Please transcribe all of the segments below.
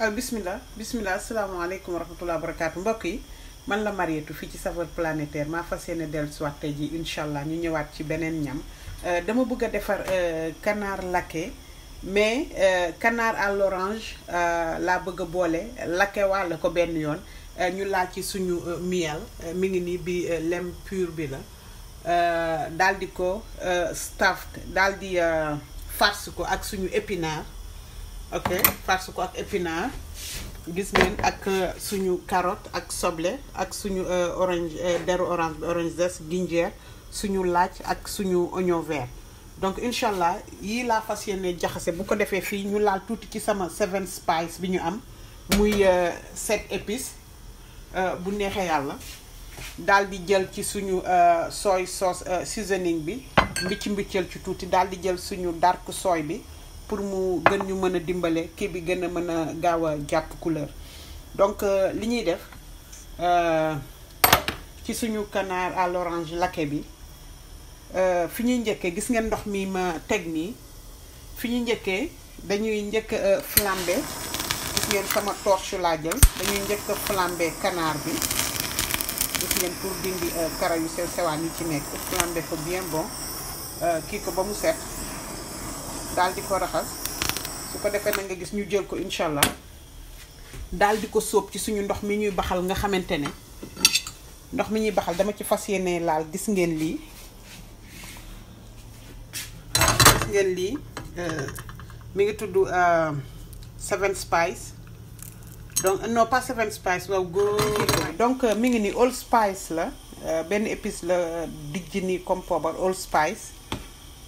al euh, bismillah bismillah asalaamaaleykum wa rahmatulah barakaatu mbokk yi man la Marietou fii ci Saveurs Planétaires maa fas yéene dellusiwaat tey jii incha allah ñu ñëwaat ci beneen ñam euh, dama bëgg a defar kanaar euh, laqué mais kanaar à l'orange laa bëgg a boole laqué wàll ko benn yoon ñu laal ci suñu miel mi ngi nii bi lem pur bi la daal di ko stuffed daal di farce ko ak suñu épinard. ok farce ko ak épinard gis ngeen ak euh, suñu carotte ak soble ak suñu euh, orange euh, deru orange bi orange zeste gingembre suñu laaj ak suñu oignon donc incha allah yii laa fas yéene jaxase bu ko defee fii ñu laal tuuti ci sama seven spice bi ñu am muy sept épices bu neexee yàlla daal di jël ci suñu soy sauce seasoning bi mbicc mbiccal ci tuuti daal di jël suñu dark soy bi pour mu gën ñu mën a dimbale kii bi gën a mën a gaaw a jàpp couleur donc euh, li ñuy def euh, ci suñu canard à l'orange laqué bi euh, fi ñuy njëkkee gis ngeen ndox mi ma teg nii fi ñuy dañuy njëkk flambé gis ngeen sama torche laa jël dañuy njëkk a flambé canard bi gis ngeen pour dindi kara yu sew sewaan yi ci nekk flambé ko bien bon kii ko ba mu set dal di ko raxas su ko defé na nga gis ñu jël ko inshallah allah di ko soop ci suñu ndox mi ñuy baxal nga xamantene ndox mi ñuy baxal dama ci fasiyene laal gis ngeen li gis ngeen euh mi ngi euh seven spice donc non pas seven spice wa go. donc mi ngi ni all spice la euh, Ben épice la euh, digini ni comme poobar all spice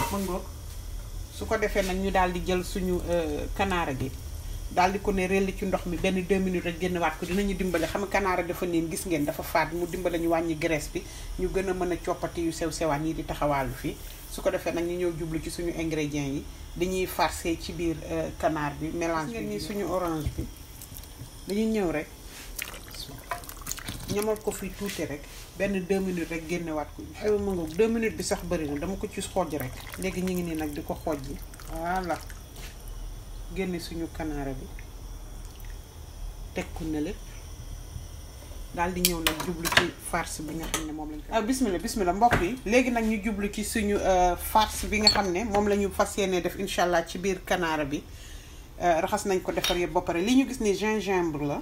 mën nga su ko defee nag ñu daal di jël suñu euh, kanaara gi daal di ko ne rell ci ndox mi benn deux minutes rek génn waat ko dinañu dimbale xam nga kanaara dafa neen gis ngeen dafa faat mu dimbale ñu wàññi graisse bi ñu gën a mën a coppati yu sew sewaan yi di taxawaalu fii su ko defee nag ñu ñëw jublu ci suñu ingrédients yi dañuy farcé ci biir euh, kanaar bi mélange bi suñu orange bi dañuy ñëw rek ñamal ko fii tuuti rek benn deux minutes rek génnewaat ko xew ma ngoog deux minutes bi sax bëri dama ko ci xooj rek léegi ñu ngi nii nag di ko xooj yi voilà génne suñu kanaara bi teg ko na lépp daal di ñëw nag jublu ci farce bi nga xam ne moom lañ ko. ah bismillah léegi nag ñu jublu ci suñu euh, farce bi nga xam ne moom la ñu fas yéenee def incha allah ci biir kanaara bi euh, raxas nañ ko defar yëpp ba pare li ñu gis ni gingembre la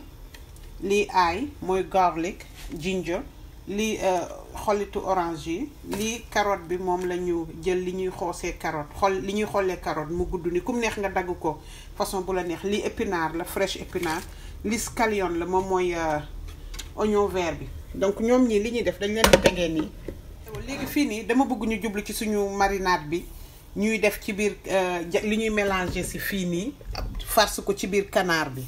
lii ail mooy garlic ginger. li euh, xolitu orange yi li carotte bi moom lañu jël li ñuy xoosee carotte xol li ñuy xoolee carotte mu gudd ni kum neex nga dagg ko façon bu la neex li épinard la fraîche épinard li scallion la moom mooy euh, oignon vert bi donc ñoom ñii li ñuy def dañ leen di tegee nii léegi fii nii dama bëgg ñu jublu ci suñu marinade bi ñuy def ci biir euh, li ñuy mélanger si fii nii farce ko ci biir canard bi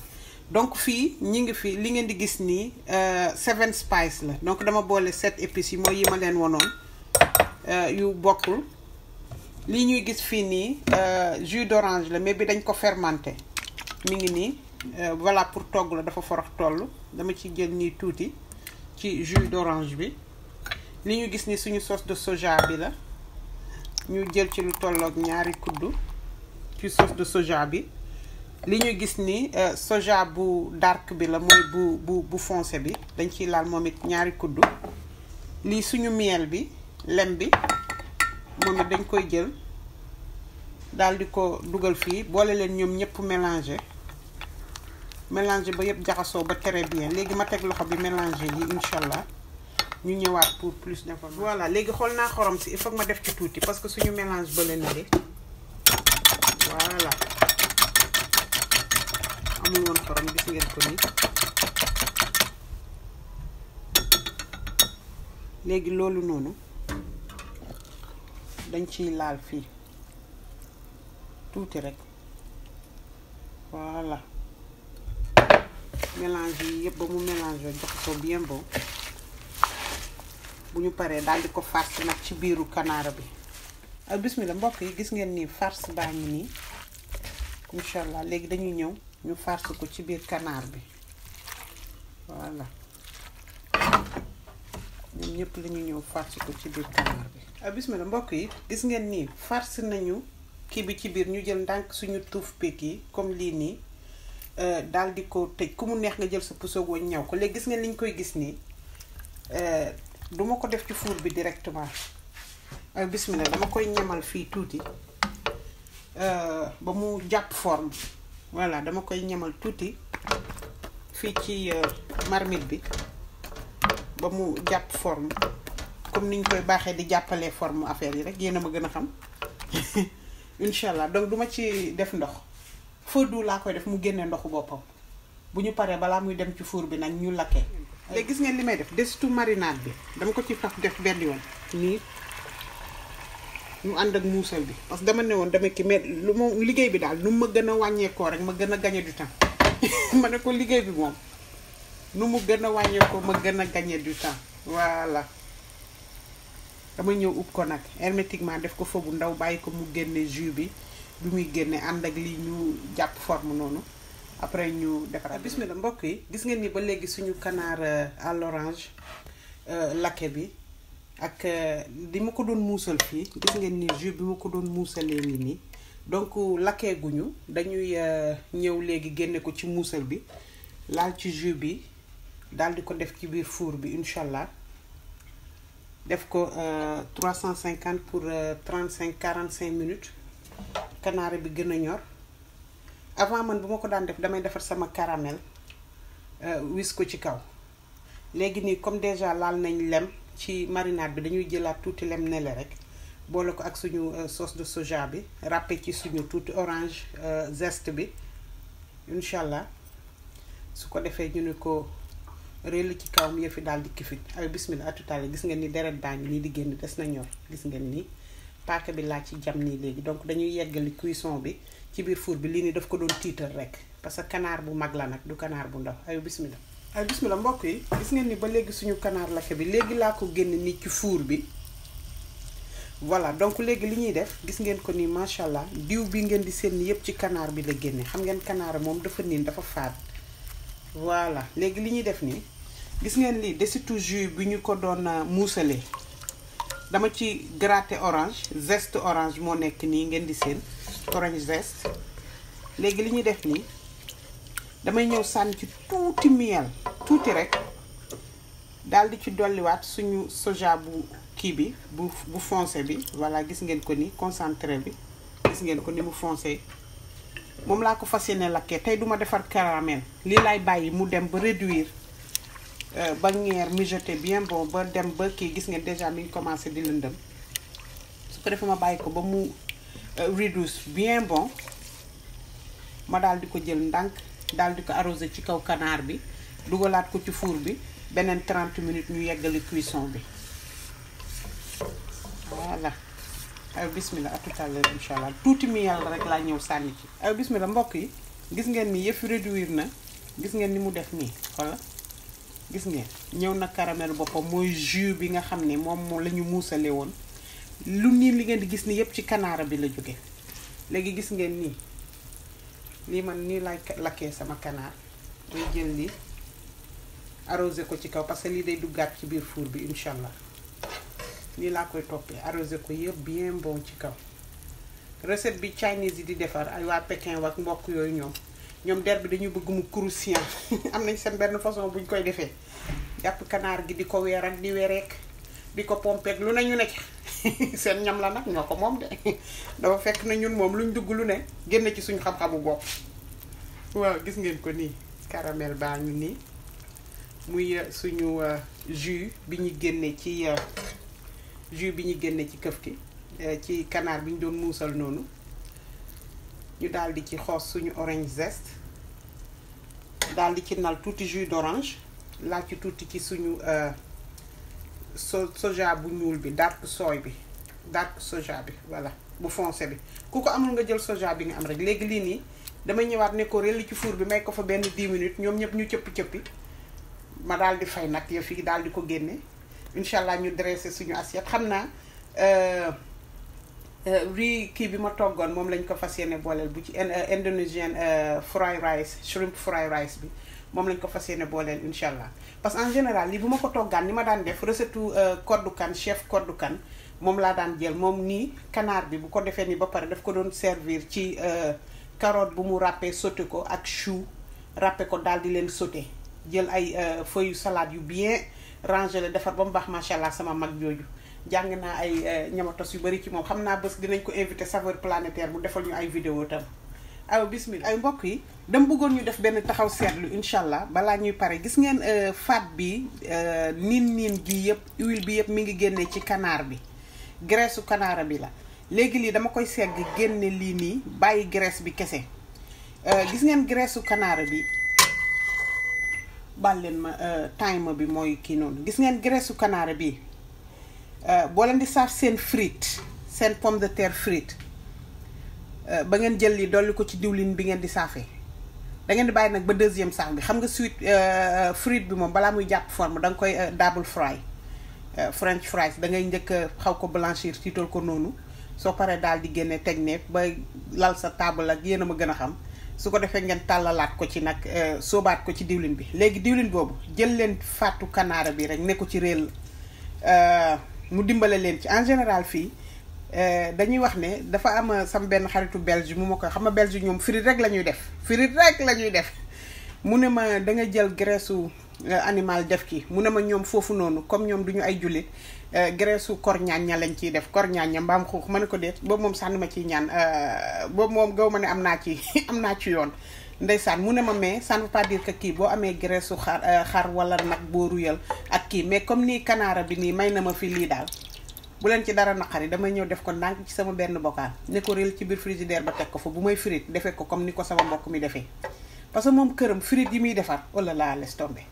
donc fii ñi ngi fii li ngeen di gis nii euh, seven spice la donc dama boole sept épices yi mooy yi ma leen wonoon euh, yu bokkul lii ñuy gis fii nii euh, jus d'orange la mais bi dañ ko fermenté mi ngi nii voilà pour togg la dafa forox toll dama ci jël nii tuuti ci jus d'orange bi li ñu gis ni suñu sauce de soja bi la ñu jël ci lu tolloog ñaari kuddu ci sauce de soja bi li ñu gis ni euh, soja bu dark bi la mooy bu bu bu foncé bi dañ ci laal moom it ñaari kuddu lii suñu miel bi lem bi moom it dañ koy jël daal di ko dugal fii boole leen ñoom ñëpp mélangé mélangé ba yëpp jaxasoo ba très bien léegi ma teg loxo bi mélangé yi incha allah ñu ñëwaat pour plus d'information voilà léegi xool naa xorom si il faut ma def ci tuuti parce que suñu mélange ba la amul woon xorom loolu noonu dañ ci laal fii tuuti rek voilà mélange yi yëpp ba mu mélange jox ko bien bon bu ñu paree daal ko farce nag ci biiru kanaara bi ak ah, bismila mbokk yi gis ngeen ni farce baa ngi nii incha léegi dañuy ñëw ñu farce ko ci biir kanaar bi voilà ñoom ñëpp ñëw farce ko ci biir kanaar bi ah bismillah mbokk yi gis ngeen nii farce nañu kii bi ci biir ñu jël ndànk suñu tuuf pik yi comme lii nii euh, daal di ko tëj ku mu neex nga jël sa puso woñ ñaw ko léegi gis ngeen li koy gis nii euh, duma ko def ci four bi directement ay ah, bismillah dama koy ñamal fii tuuti euh, ba mu jàpp forme voilà dama koy ñamal tuuti fii ci euh, marmite bi ba mu jàpp forme comme ni ñu koy baaxee di jàppalee forme affaire yi rek yéen a ma gën a xam incha allah donc duma ci def ndox fëddu laa koy def mu génne ndoxu boppam bu ñu paree balaa muy dem ci four bi nag ñu lakkee. léegi gis ngeen li may def desitu marinade bi dama ko ci faf def benn yoon nii. ñu ànd ak muusal bi parce que dama ne woon dama ki mais lu moom liggéey bi daal nu ma gën a wàññeekoo rek ma gën a gagné du temps ma ne ko liggéey bi moom nu mu gën a wàññeekoo ma gën a gagné du temps voilà dama ñëw ub ko nag hermétiquement def ko fa ndaw bàyyi ko mu génne jus bi bi muy génne ànd ak li ñu jàpp forme noonu après ñu defaraat bismillah mbokk yi gis ngeen ni ba léegi suñu canard euh, à l'orange euh, laqué bi ak li euh, ma ko doon muusal fii gis ngeen ni jus bi ma ko doon muusalee nii nii donc lakkee guñu dañuy euh, ñëw léegi génne ko ci muusal bi laal ci jus bi daal di ko def ci biir four bi incha allah def ko 350 euh, pour quarante cinq minutes kanaare bi gën a ñor avant man bu ma ko daan def damay defar sama caramel wis ko ci kaw léegi nii comme déjà laal nañ lem. ci marinade bi dañuy jëlaat tuuti lem nele rek boole ko ak suñu euh, sauce de soja bi ràppe ci suñu tuuti orange euh, zeste bi incha allah su ko defee ñu ne ko réel ci kawam fi daal di kifit ay bismillah atutaale gis ngeen ni deret baa ngi nii di génn des na ñor gis ngeen ni paaka bi laa ci jam nii léegi donc dañuy yeggali cuisson bi ci biir four bi lii nii daf ko doon tiital rek parce que kanaar bu mag la nag du kanaar bu ndaw ay bismillah ay bismilla mbokk yi gis ngeen ni ba léegi suñu kanaar lakke bi léegi laa ko génne nii ci fuur bi voilà donc léegi li ñuy def gis ngeen ko ni macha allah diw bi ngeen di seen yépp ci kanaar bi la génne xam ngeen kanaar moom dafa niin dafa faat voilà léegi li ñuy def nii gis ngeen lii desitu jus bi ñu ko doon euh, muusale dama ci gratter orange zeste orange moo nekk nii ngeen di seen orange zeste léegi li ñuy def nii damay ñëw sànni ci tuuti miel tuuti rek daal di ci dolliwaat suñu soja bu kii bi bu bu foncé bi voilà gis ngeen ko ni concentré bi gis ngeen ko ni mu foncé moom laa ko fas yéene lakkee tey duma defar caramel lii lay bàyyi mu dem ba réduire euh, ba ñeer mijoté bien bon ba dem ba kii gis ngeen déjà mi ngi commencé di lëndëm su ko defee ma bàyyi ko ba mu euh, réduire bien bon ma daal di ko jël ndànk dal di ko arroser ci kaw canard bi dugalaat ko ci four bi beneen 30 minutes ñu yeggali cuisson bi voilà ay bismillah à tout à l'heure incha allah tuuti mi yàlla rek laa ñëw sànni ci ay bismillah mbokk yi gis ngeen ni yëf réduire na gis ngeen ni mu def nii wala gis ngeen ñëw na caramel boppam mooy jus bi nga xam ne moom la ñu muusale woon lu nii li ngeen di gis ni yëpp ci kanaara bi la jóge léegi gis ngeen nii lii man nii lay lakkee sama kanaar day jël li arrosé ko ci kaw parce que lii day duggaat ci biir four bi incha allah nii laa koy toppee arrosé ko yëpp bien bon ci kaw recette bi Chinese yi di defar ay waa Pékin wak mbokk yooyu ñoom ñoom der dañu bëgg mu croustillant am nañ seen benn façon buñ koy defee jàpp kanaar gi di ko weer ak di weereek di ko pompeek lu nañu ñu nekk seen ñam la nag ñoo ko moom de dafa fekk na ñun moom luñ dugg lu ne génn ci suñu xam-xamu bopp waaw gis ngeen ko nii caramel baa ngi nii muy euh, suñu euh, jus bi ñu génne ci euh, jus bi ñu génne ci këf gi ci kanaar bi ñu doon muusal noonu ñu daldi ci xos suñu orange zeste daal ci nal tuuti jus d'orange laaj tuuti ci suñu soja bu ñuul bi dàpp sooy bi dark soja bi voilà bu foncé bi ku ko amul nga jël soja bi nga am rek léegi lii nii damay ñëwaat ne ko rel ci four bi may ko fa benn 10 minutes ñoom ñëpp ñu cëppi-cëppi ma daal di fay nag yëf yi daal di ko génne incha allah ñu dressé suñu assiette xam naa euh, euh, riz kii bi ma toggoon moom lañ ko fas yéene booleel bu ci euh, indonésien fry rice shrimp fry rice bi mom lañ ko fas yéene booleel incha parce que en général li bu ma ko toggaan ni ma daan def recette koddu euh, kan chef koddu kan moom laa daan jël moom nii canard bi bu ko defee ni ba pare daf ko doon servir ci euh, carotte bu mu ràppee sauté ko ak chou ràppe ko daal di leen sauté jël ay euh, feuilles salade yu bien rangé la defar ba mu baax macha allah sama mag jooju jàng naa ay ñamatos yu bari ci moom xam naa bés dinañ ko invité saveur planétaire mu defal ñu ay vidéo tam aw bismillah ay mbokk yi dama bëggoon ñu def benn taxaw seetlu incha allah balaa ñuy pare gis ngeen euh, faat bi euh, niin niin gi yëpp huile bi yëpp mi ngi génne ci kanaar bi graisse kanaara bi la léegi lii dama koy segg génne lii nii bàyyi graisse bi kese euh, gis ngeen graisse kanaara bi bal leen ma time bi mooy kii noonu gis ngeen graisse kanaara bi boo leen di saaf seen frite seen pomme de terre frite Euh, ba ngeen jël li dolli ko ci diwlin bi ngeen di saafee da ngeen di bàyyi nag ba deuxième saaf bi xam nga suite euh, euh, fruit bi moom balaa muy jàpp forme da nga koy double fry french fries da ngay njëkk xaw ko blanchir tiital ko noonu soo paree daal di génne teg ne ba lal sa table ak yéen a ma gën a xam su ko defee ngeen tàllalaat ko ci nag soobaat ko ci diwlin bi léegi diwlin boobu jël leen fàttu kanaara bi rek ne ko ci réel mu dimbale leen ci en général fii Euh, dañuy wax ne dafa am euh, sama benn xaritu belge mu ma ko xam nga belge ñoom frite rek lañuy def frite rek la ñuy def mu ne ma da nga jël graisse euh, animal def ki mu ne ma ñoom foofu noonu comme ñoom du ñu ay jullit graisse korñaaña lañ ciy def kor korñaaña mbaam xuux ma ne ko dee boobu moom sànni ma ciy ñaan boobu moom gaw ma ne am naa ci am naa ci yoon ndeysaan mu ne ma mais sànn ne veut pas que kii boo amee graisse xar xar wala nag boo ruyal ak kii mais comme nii kanaara bi nii may na ma fi lii daal bu leen ci dara naqari damay ñëw def ko ndànk ci sama benn bokaal ne ko réel ci biir frigidaire ba teg ko fa bu may frit defee ko comme ni ko sama mbokk mi defee parce que moom këram frit yi muy defar wala oh laa laisse tomber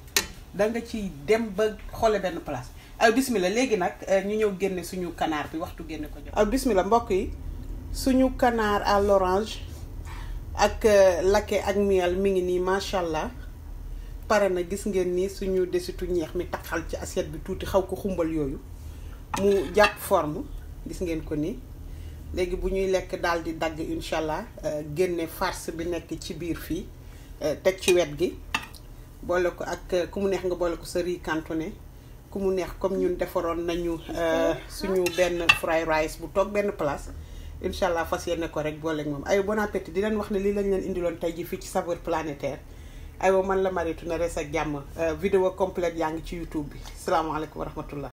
da nga ci dem ba xoole benn place aw bismillah léegi nag euh, ñu ñëw génne suñu kanaar bi waxtu génne ko jox aw bismillah mbokk yi suñu kanaar à l'orange ak euh, lakke ak miel mi ngi nii macha allah pare na gis ngeen ni suñu desitu ñeex mi taxal ci assiette bi tuuti xaw ko xumbal yooyu mu japp forme gis ngeen ko ni léegi bu ñuy lekk daal di dagg inshallah allah euh, génne farce bi nekk ci biir fii euh, teg ci wet gi boole ko ak euh, ku mu neex nga boole ko sa riz cantonné ku mu neex comme ñun defaroon nañu suñu benn fry rice bu toog benn place inshallah allah fas yéene ko rek booleeg moom ay bon appétit di leen wax ne lii lañ leen indiloon tey ji fii ci saveur planétaire ayo man la Marie Touré res ak jàmm vidéo complète yaa ci youtube bi salaamaaleykum wa rahmatullah